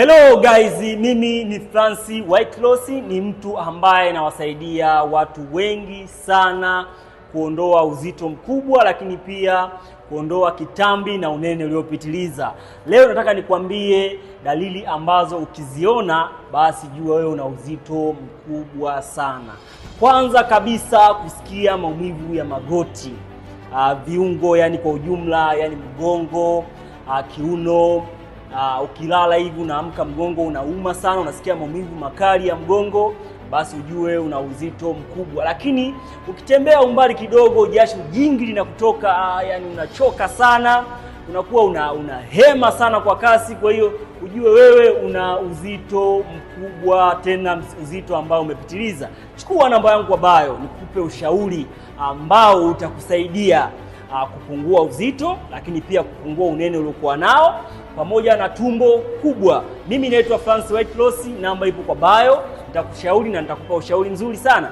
Hello guys, mimi ni Francis Whitelossi, ni mtu ambaye nawasaidia watu wengi sana kuondoa uzito mkubwa, lakini pia kuondoa kitambi na unene uliopitiliza. Leo nataka nikwambie dalili ambazo ukiziona, basi jua wewe una uzito mkubwa sana. Kwanza kabisa, kusikia maumivu ya magoti, ah, viungo yani kwa ujumla, yani mgongo, ah, kiuno uh, ukilala hivi unaamka mgongo unauma sana, unasikia maumivu makali ya mgongo, basi ujue una uzito mkubwa. Lakini ukitembea umbali kidogo, jasho jingi linakutoka, ah, yani unachoka sana, unakuwa una, una hema sana kwa kasi. Kwa hiyo ujue wewe una uzito mkubwa, tena uzito ambao umepitiliza. Chukua namba yangu kwa bio, nikupe ushauri ambao utakusaidia ah, kupungua uzito, lakini pia kupungua unene uliokuwa nao pamoja na tumbo kubwa. Mimi naitwa Francis White Loss, namba ipo kwa bio, nitakushauri na nitakupa ushauri mzuri sana.